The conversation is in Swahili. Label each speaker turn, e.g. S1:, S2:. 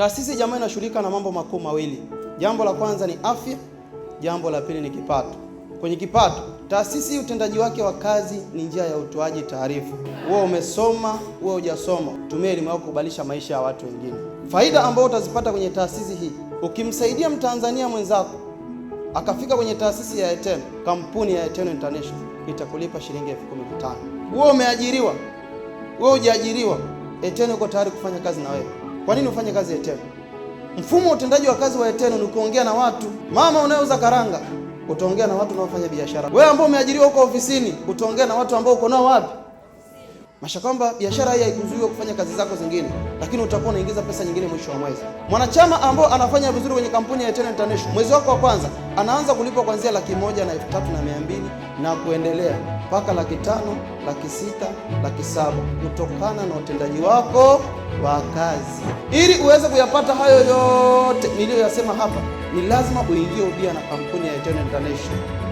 S1: Taasisi jamaa inashughulika na mambo makuu mawili. Jambo la kwanza ni afya, jambo la pili ni kipato. Kwenye kipato, taasisi utendaji wake wa kazi ni njia ya utoaji taarifa. Wewe umesoma, wewe hujasoma, tumia elimu yako kubadilisha maisha ya watu wengine. Faida ambayo utazipata kwenye taasisi hii, ukimsaidia mtanzania mwenzako akafika kwenye taasisi ya Eternal, kampuni ya Eternal International itakulipa shilingi elfu kumi na tano. Wewe umeajiriwa, wewe hujaajiriwa, Eternal uko tayari kufanya kazi na wewe. Kwa nini ufanye kazi Eteno? Mfumo wa utendaji wa kazi wa Eteno ni kuongea na watu. Mama unayeuza karanga, utaongea na watu unaofanya biashara. Wewe ambao umeajiriwa huko ofisini, utaongea na watu ambao uko nao wapi? Masha kwamba biashara hii haikuzuiwa kufanya kazi zako zingine, lakini utakuwa unaingiza pesa nyingine mwisho wa mwezi. Mwanachama ambao anafanya vizuri kwenye kampuni ya Eternal International, mwezi wako wa kwanza anaanza kulipwa kuanzia laki moja na elfu tatu na mia mbili na kuendelea mpaka laki tano, laki sita, laki saba kutokana na utendaji wako wa kazi. Ili uweze kuyapata hayo yote niliyoyasema hapa, ni lazima uingie ubia na kampuni ya Eternal International.